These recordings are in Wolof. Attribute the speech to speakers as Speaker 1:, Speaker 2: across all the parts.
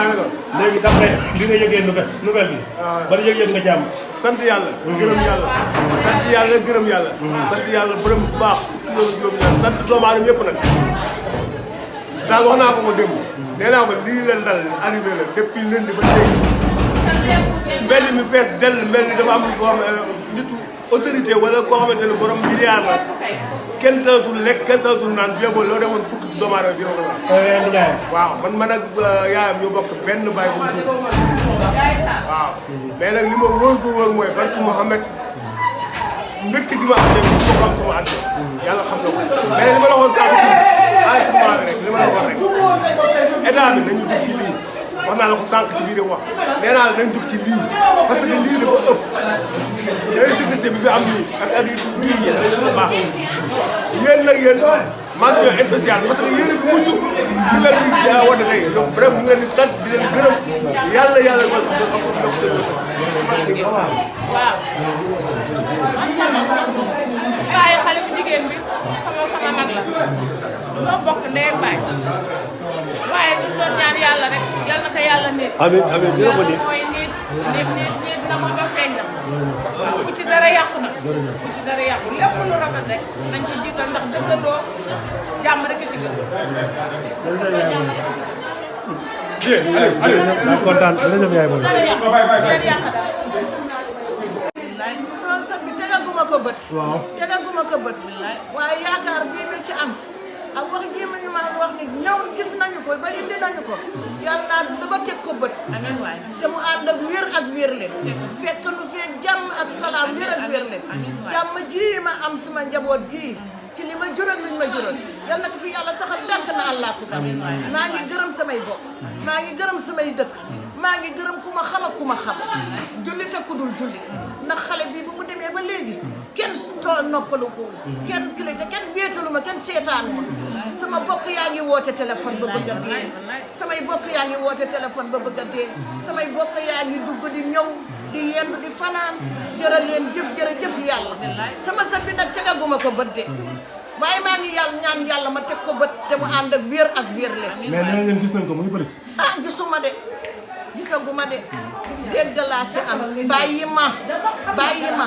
Speaker 1: daanaka léegi d'après li nga yëgee nouvelle nouvelle bi. waaw ban yëg-yëg nga ci am. sant yàlla. gërëm yàlla. sant yàlla gërëm yàlla. sant yàlla borom bu baax kii yooyu juróomi yàlla sant doomu aadama yëpp nag. daal wax naa ko ko démb. nee naa ko lii leen dal arrivé la depuis lundi ba léegi. mbedd mi fees dell mel ni dafa am lu ko wax nitu. autorité wala ko xamante ne borom milliard la ken dootul lek ken dootul nan bee bo lo demone fukk doomu aadama bi wax la. waaw man man ak yaayam ñu bokk ben bay bu ñu waaw mais nak limo wor wóor wor moy mooy mohammed mbekk gi ma am ne ko xam sama ànd yàlla xam na ko mais li ma la waxoon saa si kii rek li la wax rek état bi dañu dugg ci lii wax naa la ko sank ci biir wax neena la dañu dugg ci lii parce que li dafa ëpp. yooyu diggante bi nga am nii ak ak yu yi baaxul yéen nag yéen mention spéciale parce que yéen a mujj ñu leen di jaawate tey donc vraiment mu ngi sama sama mag la
Speaker 2: ñoo bokk ndey ak baay waaye ñu doon ñaan
Speaker 1: yàlla Amin, amin. na ko
Speaker 2: yàlla nit amiin amiin dina
Speaker 3: bu
Speaker 2: ci dara yàqu na bu ci dara yàqu lépp lu rafet rek nañ ko jiital ndax dëggandoo
Speaker 1: jàmm rek ci gën a kontaan jërëjëf yaay
Speaker 2: booy soo sët bi tegaguma ko bët tegaguma ko bët waaye yaakaar bii bi ci am ak wax jéem ñu maam wax ni ñëw gis nañu ko ba indi nañu ko yàlla naa dund ba teg ko bët te mu ànd ak wér ak wér leen fekk jàmm ak salaam wér ak wér ji ma am sama njaboot gii ci li ma jural luñ ma jural fi yàlla saxal dànk na àllaa ku dam gërëm samay bokk maa ngi gërëm samay dëkk maa ngi gërëm ku ma xam ku ma xam jullit ak ku dul jullit ndax xale bi bu mu demee ba léegi kenn too noppalu ko kenn kile te kenn wéetalu ma kenn seetaanu sama bokk yaa ngi woote téléphone ba bëgg a samay bokk yaa ngi woote téléphone ba bëgg a dee samay bokk yaa ngi dugg di ñëw di yendu di fanaan jërë leen jëf jër jëf yàlla sama sët bi nag tegaguma ko bët de waaye maa ngi yàlla ñaan yàlla ma teg ko bët te mu ànd ak wér ak wér mais nee leen
Speaker 1: gis nañ ko mu ngi police
Speaker 2: ah gisuma de gisaguma de dégg laa si am bàyyi ma bàyyi ma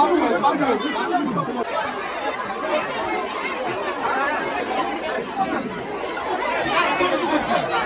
Speaker 3: 빠른 거예요 빠른 거예요 Thank you.